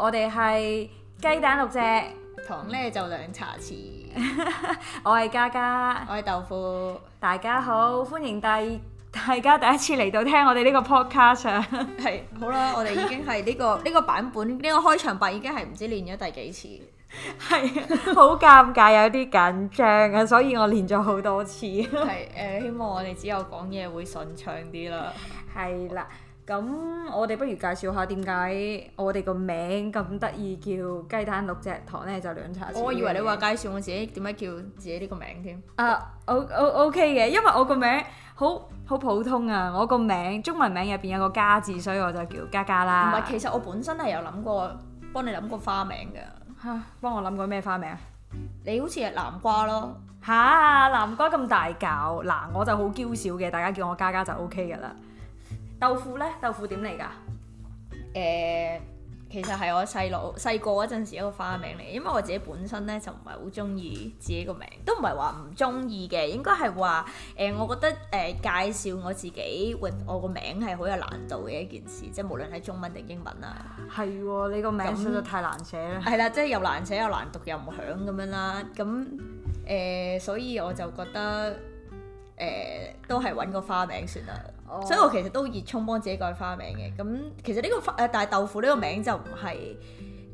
我哋係雞蛋六隻，糖咧就兩茶匙。 我係嘉嘉，我係豆腐。大家好，歡迎大,大家第一次嚟到聽我哋呢個 podcast、啊。係， 好啦，我哋已經係呢、這個呢 個版本呢、這個開場白已經係唔知練咗第幾次。係 啊，好尷尬，有啲緊張啊，所以我練咗好多次。係 誒、呃，希望我哋之後講嘢會順暢啲 啦。係啦。咁我哋不如介紹下點解我哋個名咁得意，叫雞蛋六隻糖咧，就兩茶匙。我以為你話介紹我自己點解、嗯、叫自己呢個名添。啊，O O O K 嘅，因為我個名好好普通啊，我個名中文名入邊有個加字，所以我就叫嘉嘉啦。唔係，其實我本身係有諗過幫你諗個花名㗎。嚇， 幫我諗個咩花名？你好似係南瓜咯。吓、啊，南瓜咁大嚿，嗱，我就好嬌小嘅，大家叫我嘉嘉就 O K 㗎啦。豆腐呢？豆腐點嚟㗎？誒，uh, 其實係我細佬細個嗰陣時一個花名嚟，因為我自己本身呢就唔係好中意自己個名，都唔係話唔中意嘅，應該係話誒，我覺得誒、呃、介紹我自己或我個名係好有難度嘅一件事，即係無論係中文定英文啊。係喎、嗯，那你個名實在太難寫啦。係啦，即係又難寫又難讀又唔響咁樣啦。咁誒、呃，所以我就覺得誒、呃，都係揾個花名算啦。所以我其實都熱衷幫自己改花名嘅，咁其實呢個花誒，但係豆腐呢個名就唔係誒，即、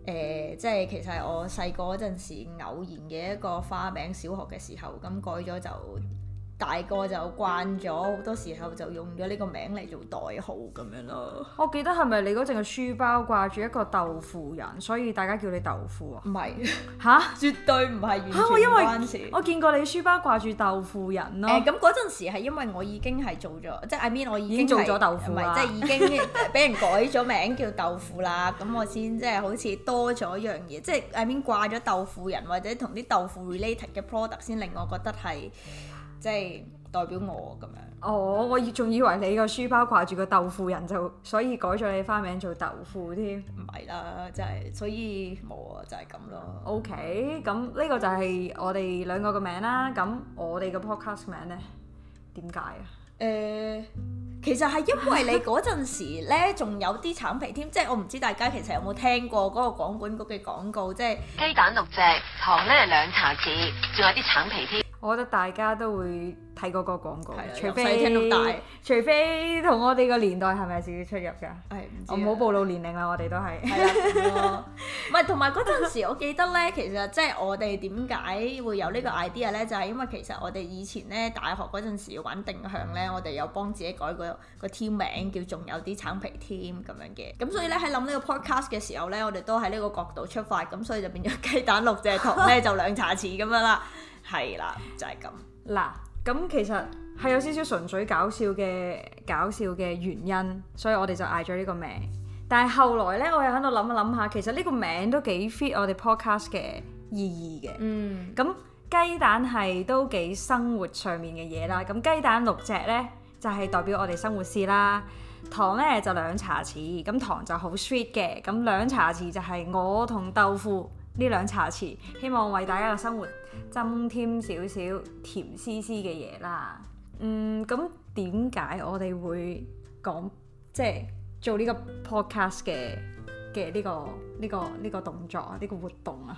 呃、係、就是、其實係我細個嗰陣時偶然嘅一個花名，小學嘅時候咁改咗就。大個就慣咗，好多時候就用咗呢個名嚟做代號咁樣咯。我記得係咪你嗰陣嘅書包掛住一個豆腐人，所以大家叫你豆腐啊？唔係是，嚇哈，絕對唔係完全關事。我，因為我見過你書包掛住豆腐人咯。誒、欸，咁嗰陣時係因為我已經係做咗，即係 I mean 我已經，已經做咗豆腐啊，唔係即係、就是、已經俾人改咗名 叫豆腐啦。咁我先即係好似多咗一樣嘢，即係 I mean 掛咗豆腐人或者同啲豆腐 related 嘅 product 先令我覺得係。即係代表我咁樣。哦，oh, 我仲以為你個書包掛住個豆腐人就，所以改咗你花名做豆腐添。唔係啦，真係所以冇啊，就係、是、咁咯。OK，咁呢個就係我哋兩個嘅名啦。咁我哋嘅 podcast 名呢？點解啊？誒、呃，其實係因為你嗰陣時呢，仲有啲橙皮添。即係 我唔知大家其實有冇聽過嗰個廣管局嘅廣告，即係雞蛋六隻，糖咧兩茶匙，仲有啲橙皮添。我覺得大家都會睇嗰個廣告，的除非聽到大，除非同我哋個年代係咪自己出入㗎？係唔好暴露年齡啦，我哋都係。係啊，唔係同埋嗰陣時，我記得咧，其實即係我哋點解會有個呢個 idea 咧，就係、是、因為其實我哋以前咧大學嗰陣時玩定向咧，我哋有幫自己改個個 team 名叫仲有啲橙皮 team 咁樣嘅。咁所以咧喺諗呢個 podcast 嘅時候咧，我哋都喺呢個角度出發，咁所以就變咗雞蛋六隻，糖咧就兩茶匙咁樣啦。 係啦，就係咁嗱，咁其實係有少少純粹搞笑嘅搞笑嘅原因，所以我哋就嗌咗呢個名。但係後來呢，我又喺度諗一諗下，其實呢個名都幾 fit 我哋 podcast 嘅意義嘅。嗯，咁雞蛋係都幾生活上面嘅嘢啦。咁雞蛋六隻呢，就係代表我哋生活師啦。糖呢，就兩茶匙，咁糖就好 sweet 嘅。咁兩茶匙就係我同豆腐。呢兩茶匙，screws, 希望為大家嘅生活增添少少甜絲絲嘅嘢啦。嗯，咁點解我哋會講即係做呢個 podcast 嘅嘅呢、這個呢個呢個動作呢、啊這個活動啊？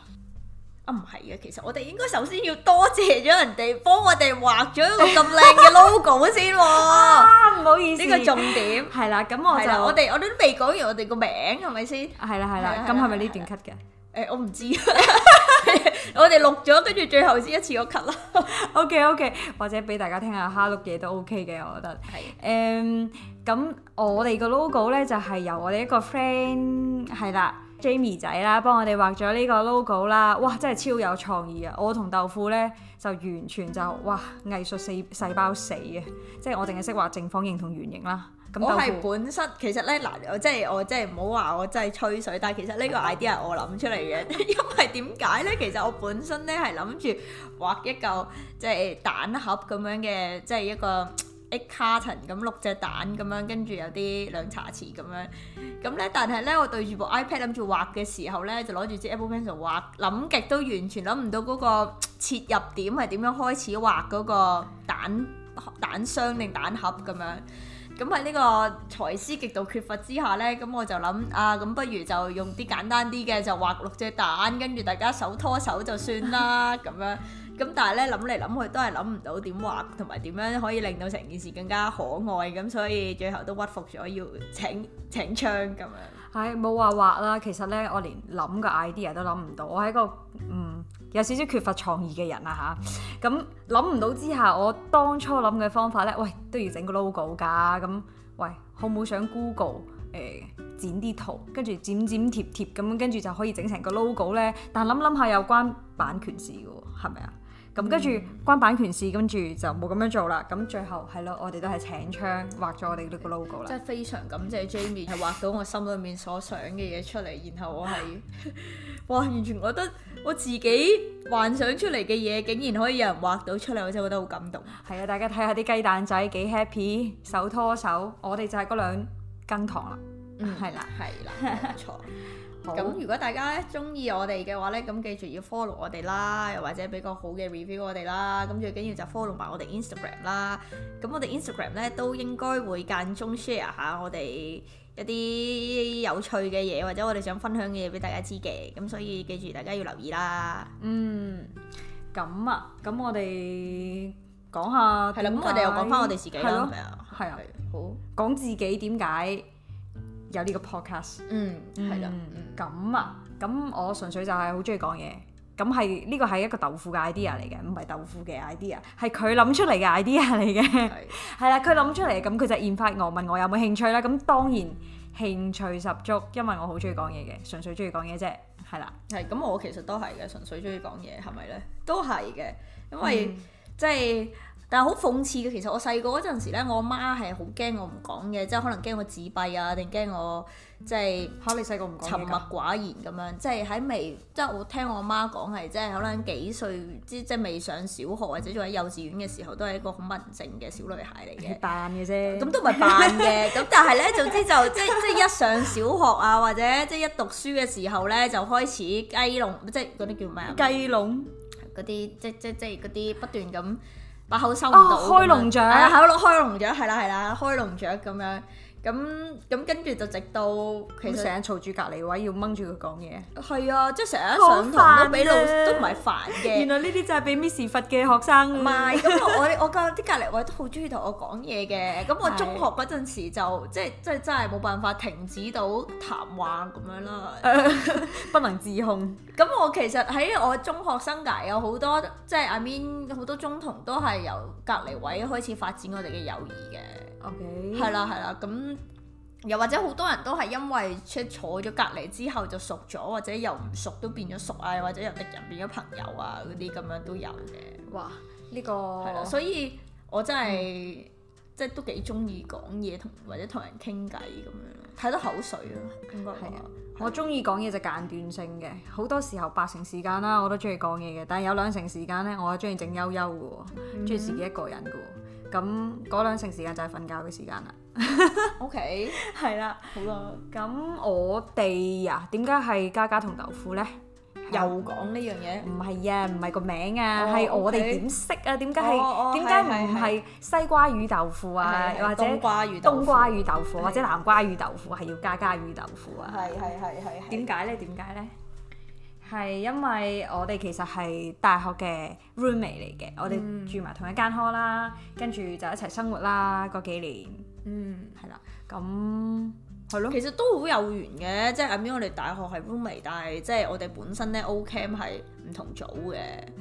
啊唔係啊，其實我哋應該首先要多謝咗人哋幫我哋畫咗一個咁靚嘅 logo 先、嗯。啊，唔好意思，呢個重點係啦。咁我就、啊、我哋我哋都未講完我哋個名係咪先？係啦係啦，咁係咪呢段 cut 嘅？誒，我唔知，我哋 錄咗，跟住最後先一次我咳啦。 OK OK，或者俾大家聽下哈～錄嘢都 OK 嘅，我覺得。係誒的，咁、um, 我哋個 logo 呢，就係、是、由我哋一個 friend 係啦，Jamie 仔啦幫我哋畫咗呢個 logo 啦。哇，真係超有創意啊！我同豆腐呢，就完全就哇藝術細細胞死啊，即係我淨係識畫正方形同圓形啦。我係本身其實咧，嗱，我即係我即係唔好話我真係吹水，但係其實呢個 idea 我諗出嚟嘅，因為點解咧？其實我本身咧係諗住畫一嚿即係蛋盒咁樣嘅，即係一個 carton 咁六隻蛋咁樣，跟住有啲兩茶匙咁樣。咁咧，但係咧，我對住部 iPad 諗住畫嘅時候咧，就攞住支 Apple Pencil 畫，諗極都完全諗唔到嗰個切入點係點樣開始畫嗰個蛋蛋箱定蛋盒咁樣。咁喺呢個才思極度缺乏之下呢，咁我就諗啊，咁不如就用啲簡單啲嘅，就畫六隻蛋，跟住大家手拖手就算啦咁樣。咁但係呢，諗嚟諗去都係諗唔到點畫，同埋點樣可以令到成件事更加可愛。咁所以最後都屈服咗，要請請槍咁樣。係冇話畫啦，其實呢，我連諗個 idea 都諗唔到，我喺個嗯，有少少缺乏創意嘅人啊嚇，咁諗唔到之下，我當初諗嘅方法呢，喂都要整個 logo 噶，咁、啊、喂好冇想 Google 誒、呃、剪啲圖，跟住剪剪貼貼咁跟住就可以整成個 logo 呢。但諗諗下有關版權事嘅喎，係咪啊？咁跟住關版權事，跟住就冇咁樣做啦。咁最後係咯，我哋都係請槍畫咗我哋呢個 logo 啦。即係非常感謝 Jamie 係 畫到我心裏面所想嘅嘢出嚟，然後我係。 哇！完全覺得我自己幻想出嚟嘅嘢，竟然可以有人畫到出嚟，我真係覺得好感動。係啊，大家睇下啲雞蛋仔幾 happy，手拖手，我哋就係嗰兩羹糖啦。嗯，係啦的，係啦， 冇錯。咁 好如果大家咧中意我哋嘅話咧，咁記住要 follow 我哋啦，又或者畀個好嘅 review 我哋啦。咁最緊要就 follow 埋我哋 Instagram 啦。咁我哋 Instagram 咧都應該會間中 share 下我哋，一啲有趣嘅嘢，或者我哋想分享嘅嘢俾大家知嘅，咁所以記住大家要留意啦。嗯，咁啊，咁我哋講下係啦。咁我哋又講翻我哋自己啦，係啊，好講自己點解有呢個 podcast？嗯，係啦，咁、嗯、啊、咁、嗯、我純粹就係好中意講嘢。咁係呢個係一個豆腐嘅 idea 嚟嘅，唔係豆腐嘅 idea，係佢諗出嚟嘅 idea 嚟嘅，係 啦，佢諗出嚟，咁佢就 invite 我問我有冇興趣啦。咁當然興趣十足，因為我好中意講嘢嘅，純粹中意講嘢啫，係啦。係咁，我其實都係嘅，純粹中意講嘢，係咪呢？都係嘅，因為即係。嗯，就是但係好諷刺嘅，其實我細個嗰陣時咧，我媽係好驚我唔講嘢，即係可能驚我自閉啊，定驚我即係嚇你細個唔講嘢，沉默寡言咁樣，即係喺未，即係我聽我媽講係，即係可能幾歲，即即未上小學或者仲喺幼稚園嘅時候，都係一個好文靜嘅小女孩嚟嘅。扮嘅啫，咁都唔係扮嘅，咁 但係咧，總之就 即即一上小學啊，或者即一讀書嘅時候咧，就開始雞籠，即係嗰啲叫咩啊？雞籠嗰啲，即即即嗰啲不斷咁。把口收唔到，係咯，開籠雀係樣、哎、呀啦，係啦，開籠雀咁樣。咁咁跟住就直到佢成日嘈住隔離位要掹住佢講嘢，係啊，即係成日上堂都俾老煩都唔係煩嘅。原來呢啲就係俾 Miss 罰嘅學生。唔係、嗯嗯，咁 我我隔啲隔離位都好中意同我講嘢嘅。咁我中學嗰陣時就對即係即係真係冇辦法停止到談話咁樣啦， 不能自控。咁我其實喺我中學生涯有好多即係阿 Min 好多中同都係由隔離位開始發展我哋嘅友誼嘅。OK，係啦係啦，咁。又或者好多人都係因為即坐咗隔離之後就熟咗，或者又唔熟都變咗熟啊，或者由敵人變咗朋友啊嗰啲咁樣都有嘅。哇！呢、呢個係咯，所以我真係、嗯、即係都幾中意講嘢同或者同人傾偈咁樣咯，睇到口水、嗯、我啊，應該係啊。我中意講嘢就間斷性嘅，好多時候八成時間啦我都中意講嘢嘅，但係有兩成時間咧我係中意靜悠悠嘅，中意、嗯、自己一個人嘅。咁嗰兩成時間就係瞓覺嘅時間啦。O K，係啦，好啦，咁我哋啊，點解係家家同豆腐呢？又講呢樣嘢。唔係啊，唔係個名啊，係我哋點識啊？點解係？點解唔係西瓜與豆腐啊？或者冬瓜與豆腐，或者南瓜與豆腐，係要家家與豆腐啊？係係係係係。點解呢？點解呢？係因為我哋其實係大學嘅 roommate 嚟嘅，我哋住埋同一間 hall 啦，跟住就一齊生活啦嗰幾年。嗯，係啦，咁係咯，對了 其實都好有緣嘅，即係阿 B，我哋大學係 roommate，但係即係我哋本身咧 O camp 係。唔同組嘅，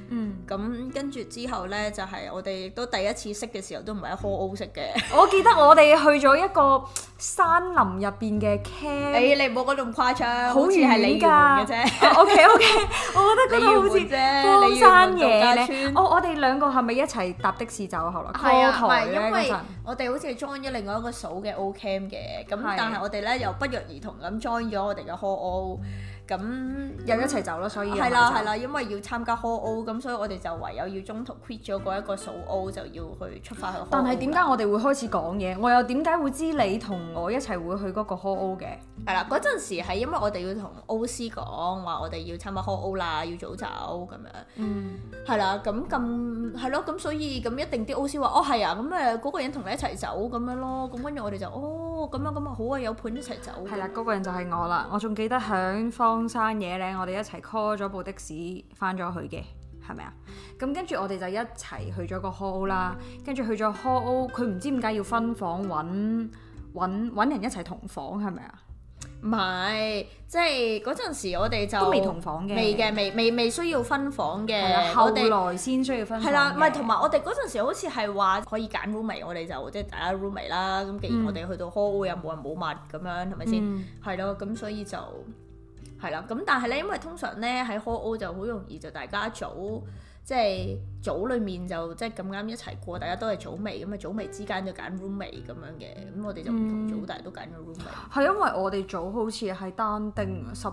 嗯，咁跟住之後呢，就係我哋亦都第一次識嘅時候，都唔係喺 Hall O 識嘅。我記得我哋去咗一個山林入邊嘅 camp，誒，你唔好覺得咁誇張，好似係鯉魚門嘅啫。O K O K，我覺得嗰度好似翻野咧。我我哋兩個係咪一齊搭的士走後來？係啊，唔係因為我哋好似 join 咗另外一個組嘅 O camp 嘅，咁但係我哋呢，又不約而同咁 join 咗我哋嘅 Hall O。咁又一齊走咯，所以係啦係啦，因為要參加 Hall O 咁，所以我哋就唯有要中途 quit 咗嗰一個數 o 就要去出發去。但係點解我哋會開始講嘢？我又點解會知你同我一齊會去嗰個 Hall O 嘅？係啦，嗰陣時係因為我哋要同 O C 講話，我哋要參加 Hall O 啦，要早走咁樣。嗯，係啦，咁咁係咯，咁所以咁一定啲 O C 話哦係啊，咁誒嗰個人同你一齊走咁樣咯，咁跟住我哋就哦咁啊咁啊好啊，有伴一齊走。係啦，嗰個人就係我啦，我仲記得響荒山野嶺，我哋一齊 call 咗部的士翻咗去嘅，係咪啊？咁跟住我哋就一齊去咗個 hall 啦，跟住去咗 hall 佢唔知點解要分房揾揾揾人一齊同房，係咪啊？唔係，即係嗰陣時我哋就未同房嘅，未嘅，未未需要分房嘅，哦、後我哋來先需要分。係啦，唔係同埋我哋嗰陣時好似係話可以揀 roomie，我哋就即係、就是、大家 roomie 啦。咁既然我哋去到 hall 又冇人冇物咁樣，係咪先？係咯、嗯，咁所以就。係啦，咁但係咧，因為通常咧喺 hall 就好容易就大家組，即係組裡面就即係咁啱一齊過，大家都係組尾咁啊，組尾之間就揀 roommate 咁樣嘅，咁我哋就唔同組，嗯、但係都揀咗 roommate。係因為我哋組好似係單定十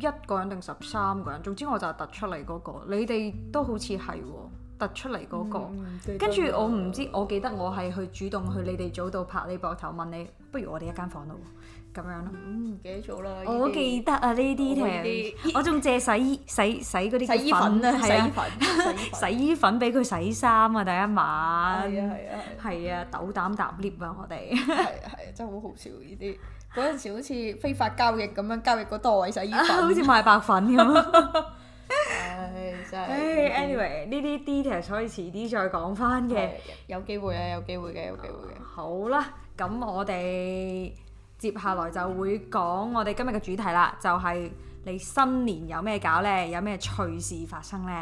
一個人定十三個人，總之我就係突出嚟嗰、嗰個，你哋都好似係、哦、突出嚟嗰、嗰個，跟住、嗯、我唔知，啊、我記得我係去主動去你哋組度拍你膊頭問你，不如我哋一間房度。咁樣咯，唔記得咗啦。我記得啊，呢啲，我仲借洗衣洗洗嗰啲洗衣粉啊，係啊，洗衣粉，洗衣粉俾佢洗衫啊，第一晚。係啊係啊係。係啊，抖膽搭 lift 啊，我哋。係係，真係好好笑呢啲。嗰陣時好似非法交易咁樣交易嗰袋洗衣粉，好似賣白粉咁。係真係。誒，anyway，呢啲 details 可以遲啲再講翻嘅，有機會啊，有機會嘅，有機會嘅。好啦，咁我哋。接下來就會講我哋今日嘅主題啦，就係、是、你新年有咩搞呢？有咩趣事發生呢？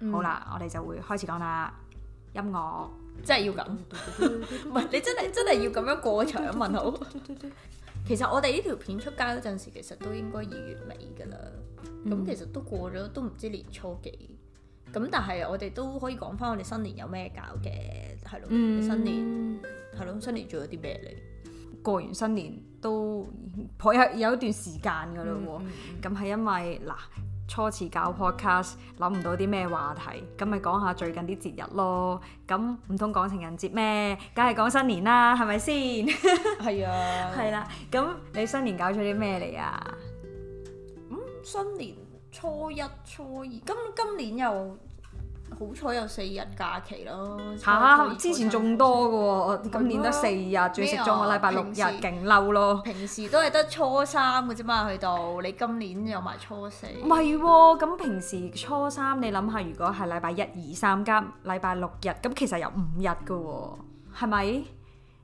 嗯、好啦，我哋就會開始講啦。音樂真係要咁，唔 係你真係真係要咁樣過場問好。嗯、其實我哋呢條片出街嗰陣時，其實都應該二月尾噶啦。咁、嗯、其實都過咗，都唔知年初幾。咁但係我哋都可以講翻我哋新年有咩搞嘅，係咯、嗯？新年係咯？新年做咗啲咩嚟？過完新年都頗有有一段時間嘅嘞喎，咁係、嗯嗯、因為嗱，初次搞 Podcast 諗唔到啲咩話題，咁咪講下最近啲節日咯，咁唔通講情人節咩？梗係講新年啦，係咪先？係啊，係啦，咁你新年搞咗啲咩嚟啊？嗯，新年初一、初二，今今年又。好彩有四日假期咯！嚇，之前仲多㗎喎，三今年得四日，仲要食中我禮拜六日勁嬲咯。平時都係得初三嘅啫嘛，去到你今年有埋初四。唔係喎，咁平時初三你諗下，如果係禮拜一、二、三加禮拜六日，咁其實有五日㗎喎，係咪？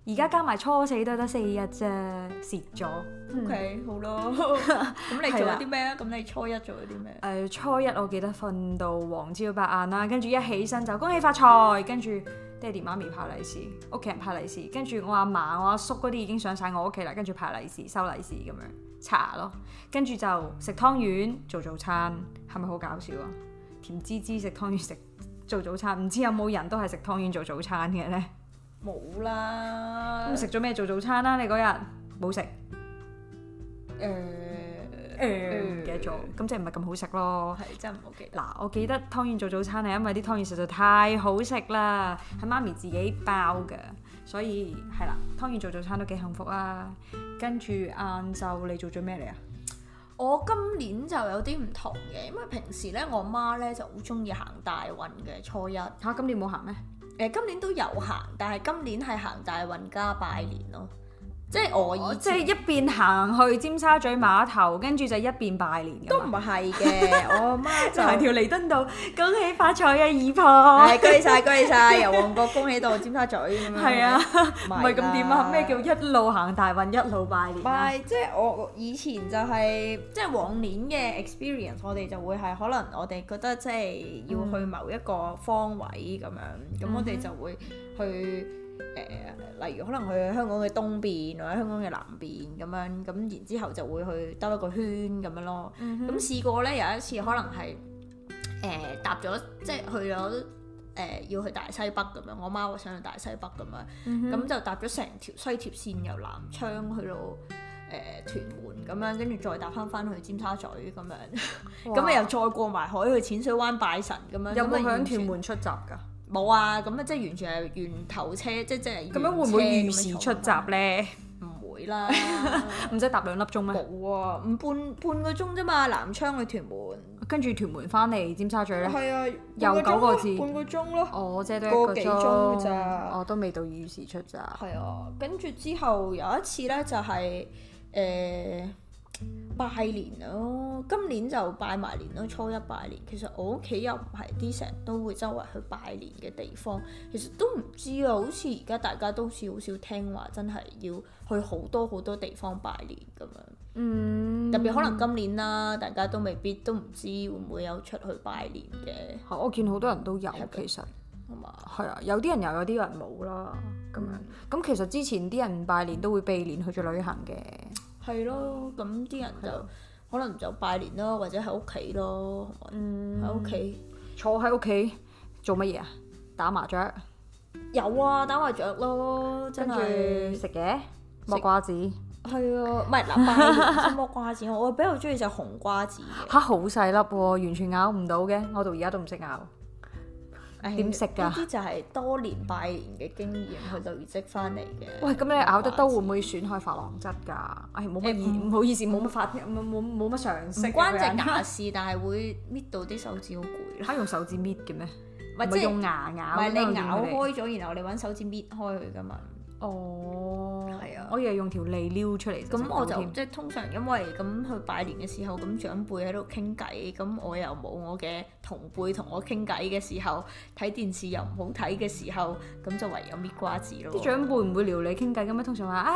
而家加埋初四都得四日啫，蝕咗。OK，好咯。咁你做咗啲咩啊？咁的你初一做咗啲咩？誒，uh, 初一我記得瞓到黃朝白晏啦，跟住一起身就恭喜發財，跟住爹哋媽咪派利是，屋企人派利是，跟住我阿嫲、我阿叔嗰啲已經上晒我屋企啦，跟住派利是、收利是咁樣，茶咯，跟住就食湯圓做早餐，係咪好搞笑啊？甜滋滋食湯圓食做早餐，唔知有冇人都係食湯圓做早餐嘅呢？冇啦！咁食咗咩做早餐啦、啊？你嗰日冇食？誒誒唔記得做，咁即係唔係咁好食咯？係真係唔好記得。嗱，我記得湯圓做早餐係因為啲湯圓實在太好食啦，係、嗯、媽咪自己包㗎，所以係啦，湯圓做早餐都幾幸福啦、啊。跟住晏晝你做咗咩嚟啊？我今年就有啲唔同嘅，因為平時咧，我媽咧就好中意行大運嘅。初一嚇、啊，今年冇行咩？誒今年都有行，但係今年係行大運加拜年咯。即係我即係一邊行去尖沙咀碼頭，跟住就一邊拜年，都唔係嘅，我媽就係條彌敦道，恭喜發財啊二婆！係，居曬居晒，由旺角恭喜到尖沙咀咁樣。係啊，唔係咁點啊？咩叫一路行大運，一路拜年？唔係，即係我以前就係，即係往年嘅 experience，我哋就會係可能我哋覺得即係要去某一個方位咁樣，咁我哋就會去。誒、呃，例如可能去香港嘅東邊或者香港嘅南邊咁樣，咁然之後就會去兜一個圈咁樣咯。咁、嗯、哼試過咧，有一次可能係誒搭咗，即係去咗誒、呃、要去大西北咁樣，我媽，媽想去大西北咁樣，咁、嗯、哼就搭咗成條西鐵線由南昌去到誒、呃、屯門咁樣，跟住再搭翻翻去尖沙咀咁樣，咁啊哇 又再過埋海去淺水灣拜神咁樣。嗯、哼有冇喺屯門出閘㗎？冇啊，咁啊即係完全係源頭車，即即係咁樣會唔會預時出閘咧？唔會啦， 唔使搭兩粒鐘咩？冇啊，唔半半個鐘啫嘛，南昌去屯門，跟住屯門翻嚟尖沙咀咧，係啊，又九個字，半個鐘咯，即係都一個幾鐘咋，我都未到預時出閘，係 啊，跟住之後有一次咧就係、是、誒。呃拜年咯，今年就拜埋年咯，初一拜年。其實我屋企又唔係啲成日都會周圍去拜年嘅地方，其實都唔知啊。好似而家大家都似好少聽話，真係要去好多好多地方拜年咁樣。嗯，特別可能今年啦，大家都未必都唔知會唔會有出去拜年嘅，嗯。我見好多人都有，其實係嘛？係啊，有啲人又有啲人冇啦，咁樣。咁，嗯，其實之前啲人拜年都會避年去咗旅行嘅。係咯，咁啲人就可能就拜年咯，或者喺屋企咯，喺屋企坐喺屋企做乜嘢啊？打麻雀有啊，打麻雀咯，跟住食嘅，剝瓜子。係啊，唔係嗱，諗下先剝瓜子， 我比較中意隻紅瓜子。吓，好細粒喎，完全咬唔到嘅，我到而家都唔識咬。點食㗎？呢啲就係多年拜年嘅經驗去累積返嚟嘅。喂，咁你咬得都會唔會損害琺瑯質㗎？唉、哎，冇乜意，冇、欸、意思，冇乜法，冇冇乜常識。唔關隻牙事， 但係會搣到啲手指好攰。嚇、啊！用手指搣嘅咩？唔係用牙咬。唔係你咬開咗，然後你搵手指搣開佢㗎嘛？哦。係啊，我以為用條脷撩出嚟。咁我就即係通常因為咁去拜年嘅時候，咁長輩喺度傾偈，咁我又冇我嘅同輩同我傾偈嘅時候，睇電視又唔好睇嘅時候，咁就唯有搣瓜子咯。啲長輩唔會撩你傾偈咁咩？通常話，唉、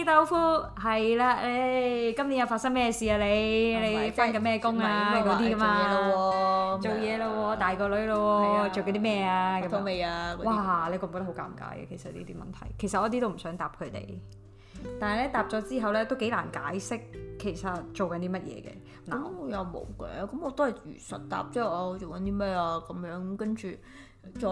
哎，豆腐，係啦，誒、哎，今年又發生咩事啊？你你翻緊咩工啊？嗰啲㗎嘛。做嘢啦喎，做嘢啦喎，大個女啦喎。係啊，做緊啲咩啊？結婚未啊？哇，些你覺唔覺得好尷尬嘅？其實呢啲問題，其實我一啲都唔想答佢哋。但係咧答咗之後咧都幾難解釋，其實做緊啲乜嘢嘅嗱，嗯、我又冇嘅，咁我都係如實答啫。即係即我做緊啲咩啊？咁樣跟住再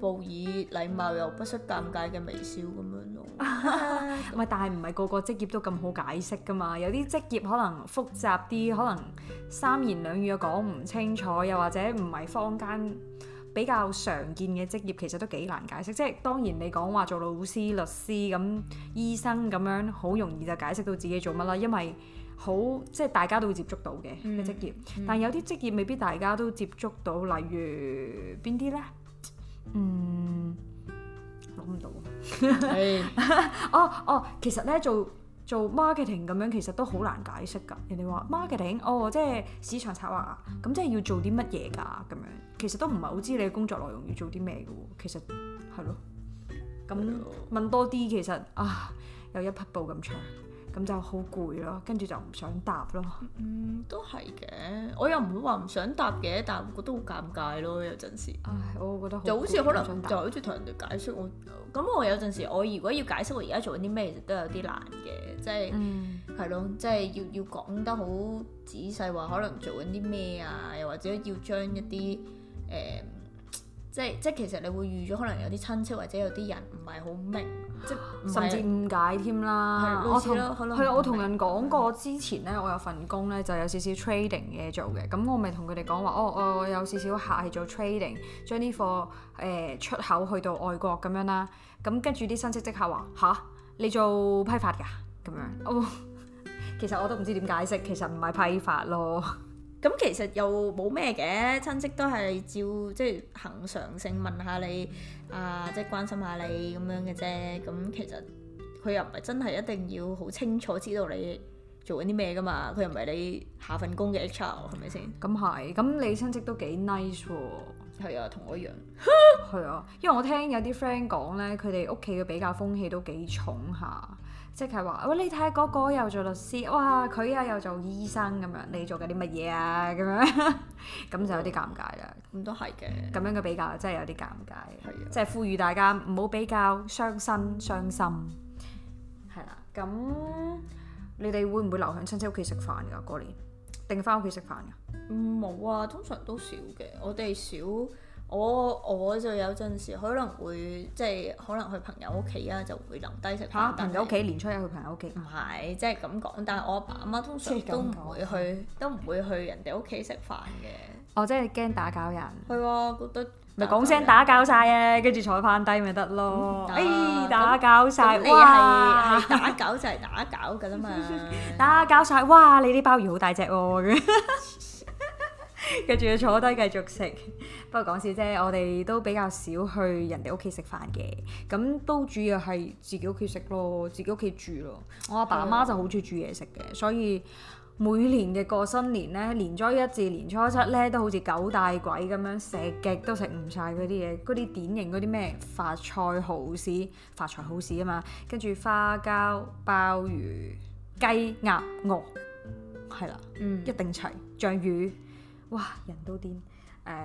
報以禮貌又不失尷尬嘅微笑咁樣咯。唔係， 但係唔係個個職業都咁好解釋噶嘛？有啲職業可能複雜啲，可能三言兩語又講唔清楚，又或者唔係坊間。比較常見嘅職業其實都幾難解釋，即係當然你講話做老師、律師、咁醫生咁樣，好容易就解釋到自己做乜啦，因為好即係大家都會接觸到嘅嘅、嗯、職業，但有啲職業未必大家都接觸到，例如邊啲呢？嗯，諗唔到 Hey. 哦哦，其實呢做。做 marketing 咁樣其實都好難解釋㗎。人哋話 marketing，哦，oh，即係市場策劃啊，咁即係要做啲乜嘢㗎？咁樣其實都唔係好知你嘅工作內容要做啲咩㗎喎。其實係咯，咁 Hello. 問多啲其實啊，有一匹布咁長。咁就好攰咯，跟住就唔想答咯。嗯，都係嘅，我又唔會話唔想答嘅，但係我覺得好尷尬咯。有陣時，唉，我覺得就好似可能就好似同人哋解釋我。咁我有陣時，我如果要解釋我而家做緊啲咩，其實都有啲難嘅，即係係咯，即係要要講得好仔細話，可能做緊啲咩啊，又或者要將一啲誒。嗯即係即係，其實你會預咗，可能有啲親戚或者有啲人唔係好明，即甚至誤解添啦。係我同跟我同人講過對之前咧，我有份工咧就有少少 trading 嘢做嘅。咁我咪同佢哋講話，哦，我我有少少客係做 trading，將啲、呃、貨誒出口去到外國咁樣啦。咁跟住啲親戚即刻話吓，你做批發㗎咁樣。哦，其實我都唔知點解釋，其實唔係批發咯。咁其實又冇咩嘅，親戚都係照即係恆常性問下你啊、呃，即係關心下你咁樣嘅啫。咁其實佢又唔係真係一定要好清楚知道你做緊啲咩㗎嘛。佢又唔係你下份工嘅 HR 係咪先？咁係、嗯，咁、嗯、你親戚都幾 nice 喎。係啊，同我一樣。係 啊，因為我聽有啲 friend 講咧，佢哋屋企嘅比較風氣都幾重下。即係話，喂，你睇下嗰個又做律師，哇，佢依家又做醫生咁樣，你做緊啲乜嘢啊？咁樣咁就有啲尷尬啦。咁都係嘅，咁樣嘅比較真係有啲尷尬嘅，的即係呼籲大家唔好比較，傷身傷心。係啦，咁你哋會唔會留喺親戚屋企食飯㗎過年？定翻屋企食飯㗎？嗯，冇啊，通常都少嘅，我哋少。我我就有陣時可能會即係可能去朋友屋企啊，就會留低食飯，朋友屋企，年初一去朋友屋企，唔係即係咁講，但係我阿爸阿媽，媽通常都唔會，會去，都唔會去人哋屋企食飯嘅。哦，即係驚打攪人。去喎、哦，覺得咪講聲打攪晒啊，跟住坐翻低咪得咯。嗯、哎，打攪晒，你係 打攪就係打攪噶啦嘛， 打攪晒，哇，你啲鮑魚好大隻㗎、啊。 跟住 要坐低繼續食， 不過講笑啫，我哋都比較少去人哋屋企食飯嘅，咁都主要係自己屋企食咯，自己屋企住咯。 我阿爸阿媽，媽就好中意煮嘢食嘅，所以每年嘅過新年呢，年初一至年初七呢，都好似九大鬼咁樣食極都食唔晒嗰啲嘢，嗰啲典型嗰啲咩發菜蠔豉、發財好市啊嘛，跟住花膠、鮑魚、雞、鴨、鵝，係啦，嗯，一定齊醬魚。哇！人都癲，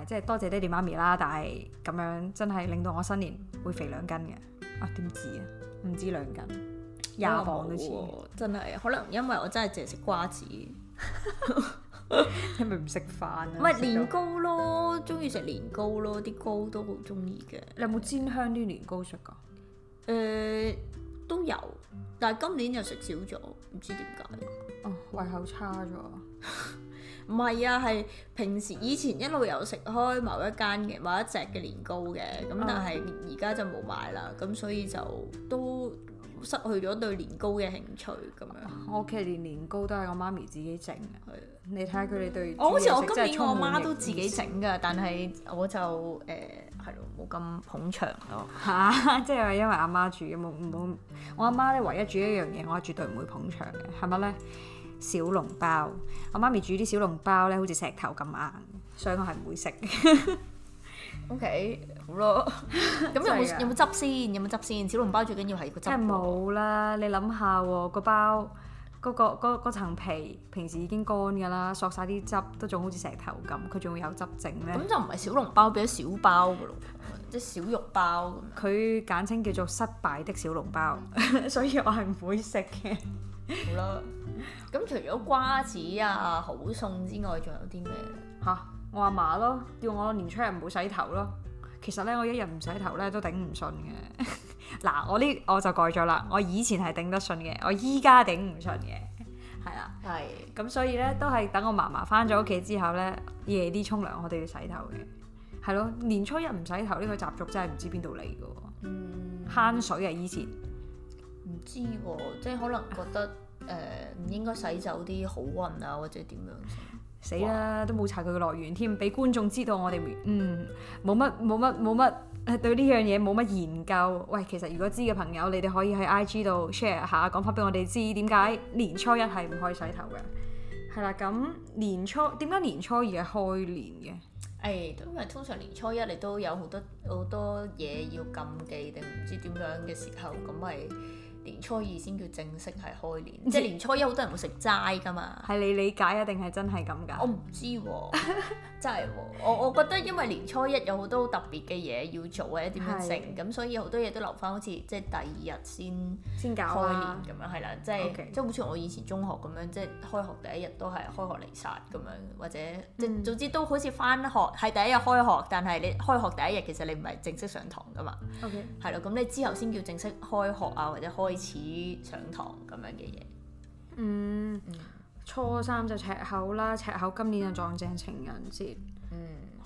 誒即係多謝爹哋媽咪啦，但係咁樣真係令到我新年會肥兩斤嘅。啊點知，知啊？唔知兩斤廿磅都似，真係可能因為我真係淨係食瓜子， 你咪唔食飯，啊？唔係年糕咯，中意食年糕咯，啲糕都好中意嘅。你有冇煎香啲年糕食噶？誒、呃、都有，但係今年又食少咗，唔知點解。哦，胃口差咗。 唔係啊，係平時以前一路有食開某一間嘅某一隻嘅年糕嘅，咁但係而家就冇買啦，咁所以就都失去咗對年糕嘅興趣咁樣。我屋企連年糕都係我媽咪自己整嘅。係啊，你睇下佢哋對，我好似我今年我媽都自己整嘅，但係我就誒係咯，冇、呃、咁捧場咯。嚇！即係因為阿媽煮嘅，冇冇。我阿媽咧唯一煮一樣嘢，我係絕對唔會捧場嘅，係咪呢？小籠包，我媽咪煮啲小籠包呢，好似石頭咁硬，所以我係唔會食。 o、okay, K，好咯。咁有冇有冇 的汁先？有冇汁先？小籠包最緊要係個汁。真係冇啦！你諗下喎、哦，包嗰個包嗰、嗰個層皮，平時已經乾㗎啦，索晒啲汁都仲好似石頭咁，佢仲會有汁整咩？咁就唔係小籠包，變咗小包噶咯，即、就、係、是、小肉包咁。佢 簡稱叫做失敗的小籠包， 所以我係唔會食嘅。 好啦，咁除咗瓜子啊好送之外，仲有啲咩？吓、啊，我阿嫲咯，叫我年初一唔好洗頭咯。其實咧，我一日唔洗頭咧都頂唔順嘅。嗱， 我呢我就改咗啦。我以前係頂得順嘅，我依家頂唔順嘅，係 啦、啊。係。咁所以咧，都係等我嫲嫲返咗屋企之後咧，夜啲沖涼，我哋要洗頭嘅。係咯、啊，年初一唔洗頭呢、這個習俗真係唔知邊度嚟嘅？慳、嗯、水啊，以前。唔知喎、啊，即係可能覺得誒唔、啊呃、應該洗走啲好運啊，或者點樣？死啦了，哇都冇查佢嘅來源添，俾觀眾知道我哋嗯冇乜冇乜冇乜對呢樣嘢冇乜研究。喂，其實如果知嘅朋友，你哋可以喺 IG 度 share 下，講翻俾我哋知點解年初一係唔可以洗頭嘅。係啦，咁年初點解年初二係開年嘅？誒、哎，因為通常年初一你都有好多好多嘢要禁忌定唔知點樣嘅時候，咁咪、就是。年初二先叫正式係開年， 即係年初一好多人會食齋噶嘛。係你理解啊，定係 真係咁㗎？我唔知喎，真係喎。我我覺得因為年初一有好多特別嘅嘢要做或者點樣整咁，的所以好多嘢都留翻，好似即係第二日先先搞開年咁樣，係啦。Okay. 即係，即係好似我以前中學咁樣，即係開學第一日都係開學嚟殺咁樣，或者即係、嗯、總之都好似翻學，係第一日開學，但係你開學第一日其實你唔係正式上堂㗎嘛。OK，係咯，咁你之後先叫正式開學啊，或者開。始上堂咁樣嘅嘢，嗯，初三就赤口啦，赤口今年就撞正情人節，嗯，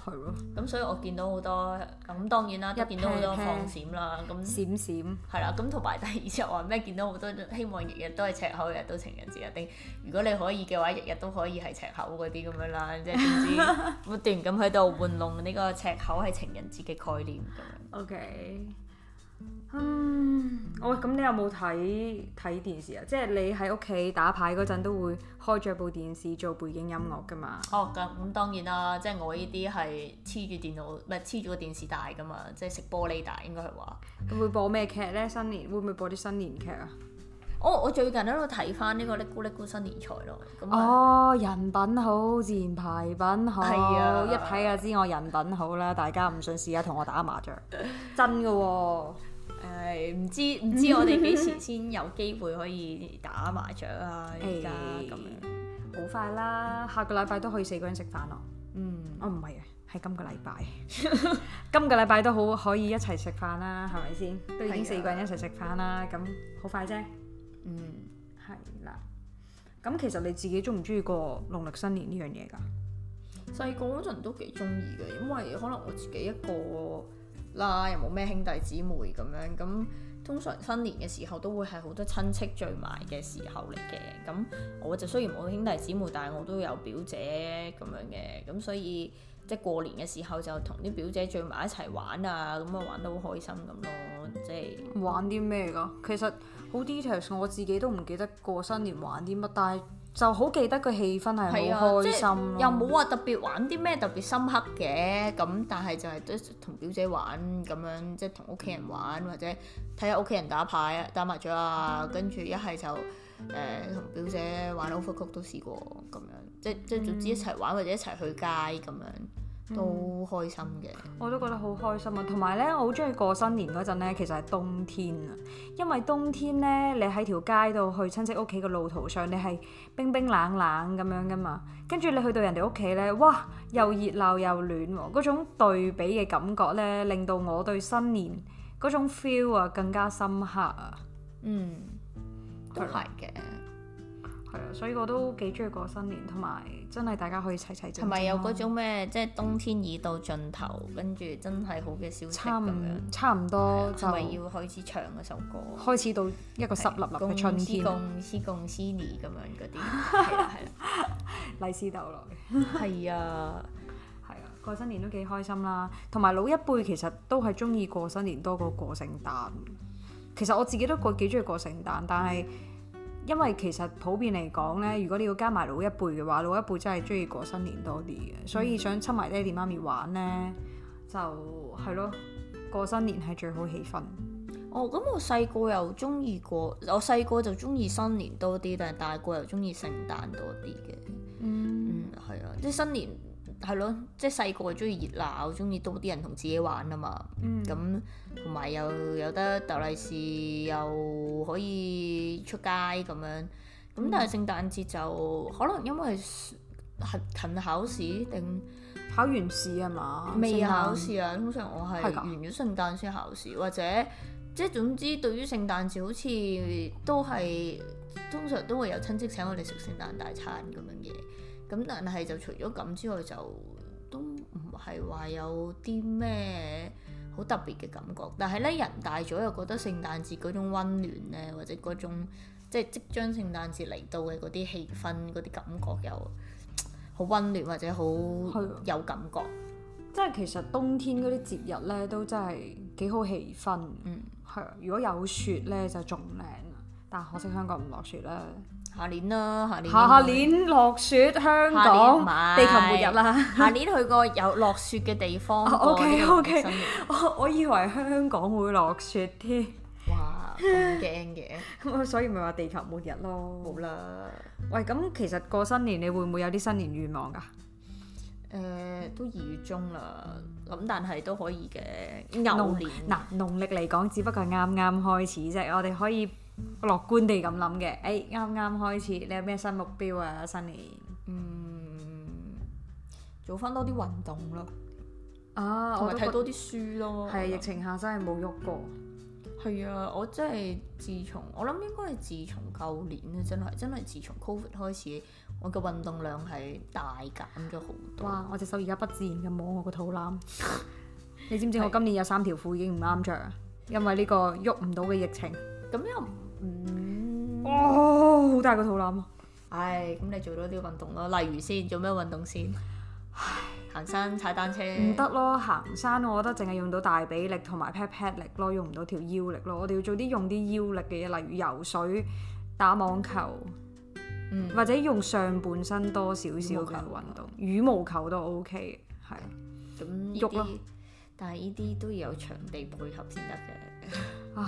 係咯的，咁所以我見到好多，咁當然啦，一見片到好多放閃啦，咁閃閃係啦，咁同埋第二次話咩？見到好多希望日日都係赤口，日日都情人節一定如果你可以嘅話，日日都可以係赤口嗰啲咁樣啦，即係點知 不斷咁喺度玩弄呢個赤口係情人節嘅概念咁樣。 OK。嗯，哦咁，你有冇睇睇電視啊？即係你喺屋企打牌嗰陣都會開著部電視做背景音樂噶嘛？哦，咁咁當然啦，即係我呢啲係黐住電腦唔係黐住個電視帶噶嘛，即係食玻璃帶應該係話。會播咩劇呢？新年會唔會播啲新年劇啊？我、哦、我最近喺度睇翻呢個《叻哥叻哥新年賽》咯、就是。哦，人品好自然牌品好，係啊，一睇就知我人品好啦。大家唔信，試下同我打麻雀，真噶、啊。係唔知唔知我哋幾時先有機會可以打麻雀啊、？ 哎？而家咁樣好快啦，下個禮拜都可以四個人食飯咯。嗯，我唔係啊，係今個禮拜， 今個禮拜都好可以一齊食飯啦，係咪先？都已經四個人一齊食飯啦，咁好的快啫。嗯，係啦。咁其實你自己中唔中意過農曆新年呢樣嘢㗎？細個嗰陣都幾中意嘅，因為可能我自己一個。啦，又冇咩兄弟姊妹咁樣，咁通常新年嘅時候都會係好多親戚聚埋嘅時候嚟嘅。咁我就雖然冇兄弟姊妹，但係我都有表姐咁樣嘅，咁所以即係過年嘅時候就同啲表姐聚埋一齊玩啊，咁啊玩得好開心咁咯，即係玩啲咩㗎？其實好 details，我自己都唔記得過新年玩啲乜，但係，就好記得個氣氛係好開心、啊、又冇話特別玩啲咩特別深刻嘅，咁但係就係都同表姐玩咁樣，即係同屋企人玩或者睇下屋企人打牌啊、打麻雀啊，跟住一係就誒同表姐玩撲克都試過咁樣，即即總之一齊玩或者一齊去街咁樣。都開心嘅，我都覺得好開心啊！同埋呢，我好中意過新年嗰陣呢，其實係冬天啊，因為冬天呢，你喺條街度去親戚屋企嘅路途上，你係冰冰冷冷咁樣噶嘛，跟住你去到人哋屋企呢，哇，又熱鬧又暖喎！啊，嗰種對比嘅感覺呢，令到我對新年嗰種 feel 啊更加深刻啊！嗯，都係嘅。係啊，所以我都幾中意過新年，同埋真係大家可以齊齊。係咪有嗰種咩，即係冬天已到盡頭，跟住真係好嘅小差咁樣差唔多對多就係要開始唱嗰首歌，開始到一個濕立立嘅春天。斯共斯共斯尼咁樣嗰啲，係 啊，利是逗來嘅。係啊，係啊，過新年都幾開心啦。同埋老一輩其實都係中意過新年多過過聖誕。其實我自己都過幾中意過聖誕，但係、嗯。因為其實普遍嚟講呢，如果你要加埋老一輩嘅話，老一輩真係中意過新年多啲嘅，嗯、所以想親埋爹哋媽咪玩呢，就係咯，過新年係最好氣氛。哦，咁我細個又中意過，我細個就中意新年多啲，但係大個又中意聖誕多啲嘅。嗯，係啊、嗯，即係新年。係咯，即係細個中意熱鬧，中意多啲人同自己玩啊嘛。咁同埋又有得逗利是，又可以出街咁樣。咁但係聖誕節就可能因為係近考試定考完試啊嘛？未考試啊，通常我係完咗聖誕先考試，是的 或者即係總之對於聖誕節，對於聖誕節好似都係通常都會有親戚請我哋食聖誕大餐咁樣嘅。咁但係就除咗咁之外，就都唔係話有啲咩好特別嘅感覺。但係呢，人大咗，又覺得聖誕節嗰種溫暖呢，或者嗰種即係即，即將聖誕節嚟到嘅嗰啲氣氛、嗰啲感覺又好溫暖，或者好有感覺。即係其實冬天嗰啲節日呢，都真係幾好氣氛。嗯，係啊，如果有雪呢，就仲靚。但可惜香港唔落雪啦，下年啦，下年，下年下年落雪香港，地球末日啦！下年去個有落雪嘅地方，oh, OK，OK，okay ,、okay. 我，我以為香港會落雪添，哇咁驚嘅，所以咪話地球末日咯，好啦吧。喂，咁其實過新年你會唔會有啲新年願望㗎、啊？誒、呃，都二月中啦，咁、嗯、但係都可以嘅。牛年嗱，農曆嚟講，只不過係啱啱開始啫，我哋可以。樂觀地咁諗嘅，誒、欸，啱啱開始，你有咩新目標啊？新年，嗯，做翻多啲運動咯，啊，還有 我睇多啲書咯，係想疫情下真係冇喐過，係啊，我真係自從，我諗應該係自從舊年咧，真係真係自從 Covid 開始，我嘅運動量係大減咗好多，哇，我隻手而家不自然咁摸我個肚腩， 你知唔知我今年有三條褲已經唔啱着啊？ 因為呢個喐唔到嘅疫情，咁又。嗯，哇、哦，好大個肚腩啊！唉，咁你做多啲運動咯，例如先做咩運動先？唉，行山、踩單車唔得咯，行山我覺得淨係用到大髀力同埋 pat pat 力咯，用唔到條腰力咯。我哋要做啲用啲腰力嘅嘢，例如游水、打網球，嗯、或者用上半身多少少嘅運動，嗯、羽毛、羽毛球都 OK，係咁喐咯。但係呢啲都要有場地配合先得嘅。 唉，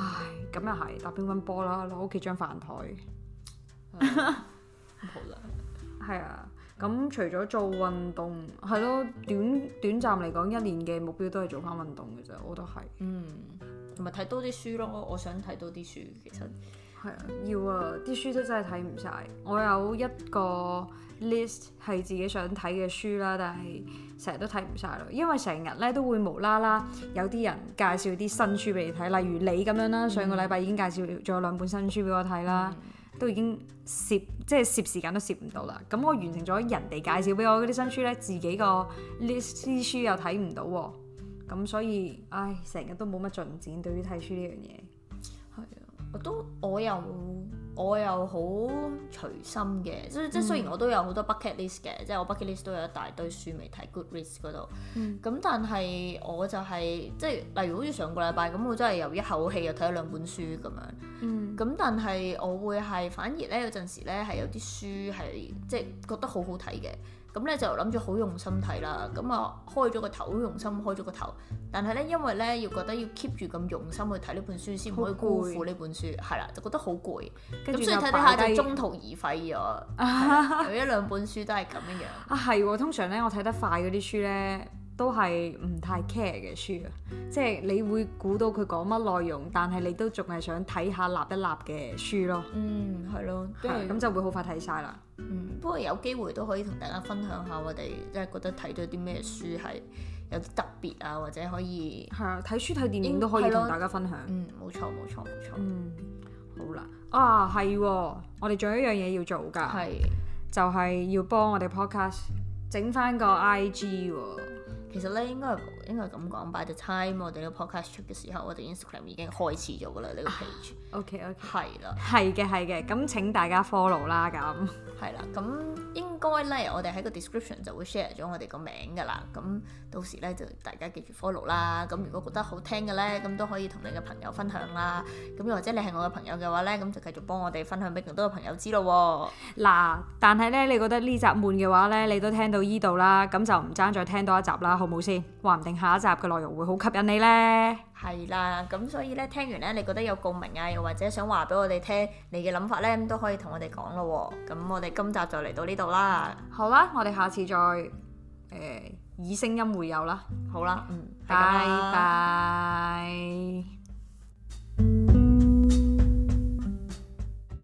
咁又係，搭乒乓波啦，攞屋企張飯台。好啦，係啊，咁除咗做運動，係咯，短短暫嚟講，一年嘅目標都係做翻運動嘅啫，我都係。嗯，同埋睇多啲書咯，我想睇多啲書，其實係啊、嗯，要啊，啲書都真係睇唔晒，我有一個。list 係自己想睇嘅書啦，但係成日都睇唔晒咯，因為成日咧都會無啦啦有啲人介紹啲新書俾你睇，例如你咁樣啦，嗯、上個禮拜已經介紹咗兩本新書俾我睇啦，嗯、都已經攝即係攝時間都攝唔到啦。咁我完成咗人哋介紹俾我嗰啲新書咧，自己個 list 啲書又睇唔到喎，咁所以，唉成日都冇乜進展對於睇書呢樣嘢。係啊，我都我又。我又好隨心嘅，即即雖然我都有好多 bucket list 嘅，嗯、即係我 bucket list 都有一大堆書未睇 Goodreads 嗰度、嗯。咁但係我就係即係，例如好似上個禮拜咁，我真係由一口氣又睇咗兩本書咁樣。咁、嗯、但係我會係反而咧有陣時咧係有啲書係即係覺得好好睇嘅。咁咧就諗住好用心睇啦，咁啊開咗個頭，好用心開咗個頭，但係咧因為咧要覺得要 keep 住咁用心去睇呢本書先，唔可以辜負呢本書，係啦，就覺得好攰，咁所以睇睇下就中途而廢咗，有、啊、哈一兩本書都係咁樣樣。 啊係喎，通常咧我睇得快嗰啲書咧都係唔太 care 嘅書啊，即係你會估到佢講乜內容，但係你都仲係想睇下立一立嘅書咯。嗯，係咯，咁、啊、就會好快睇晒啦。嗯，不過有機會都可以同大家分享下我哋，即係覺得睇咗啲咩書係有啲特別啊，或者可以係啊，睇，嗯，睇書睇電影都可以同大家分享。嗯，冇錯冇錯冇錯。錯錯，嗯，好啦，啊係，我哋仲有一樣嘢要做㗎，係的就係要幫我哋 podcast 整翻個 IG 喎。其實咧應該係。應該咁講，by the time 我哋個 podcast 出嘅時候，我哋 Instagram 已經開始咗噶啦，呢、呢個 page。Ah, OK OK，係啦的，係嘅，係 嘅樂。咁請大家 follow 啦，咁係啦。咁應該咧，我哋喺個 description 就會 share 咗我哋個名噶啦。咁到時咧就大家記住 follow 啦。咁如果覺得好聽嘅咧，咁都可以同你嘅朋友分享啦。咁又或者你係我嘅朋友嘅話咧，咁就繼續幫我哋分享俾更多嘅朋友知咯。嗱，但係咧，你覺得呢集悶嘅話咧，你都聽到依度啦，咁就唔爭再聽多一集啦，好唔好先？話唔定。下一集嘅內容會好吸引你呢？係啦，咁所以呢，聽完呢，你覺得有共鳴啊，又或者想話俾我哋聽你嘅諗法呢，都可以同我哋講咯喎。咁我哋今集就嚟到呢度啦。好啦，我哋下次再、呃、以聲音會有啦。好啦，嗯，拜拜 Bye,。Bye.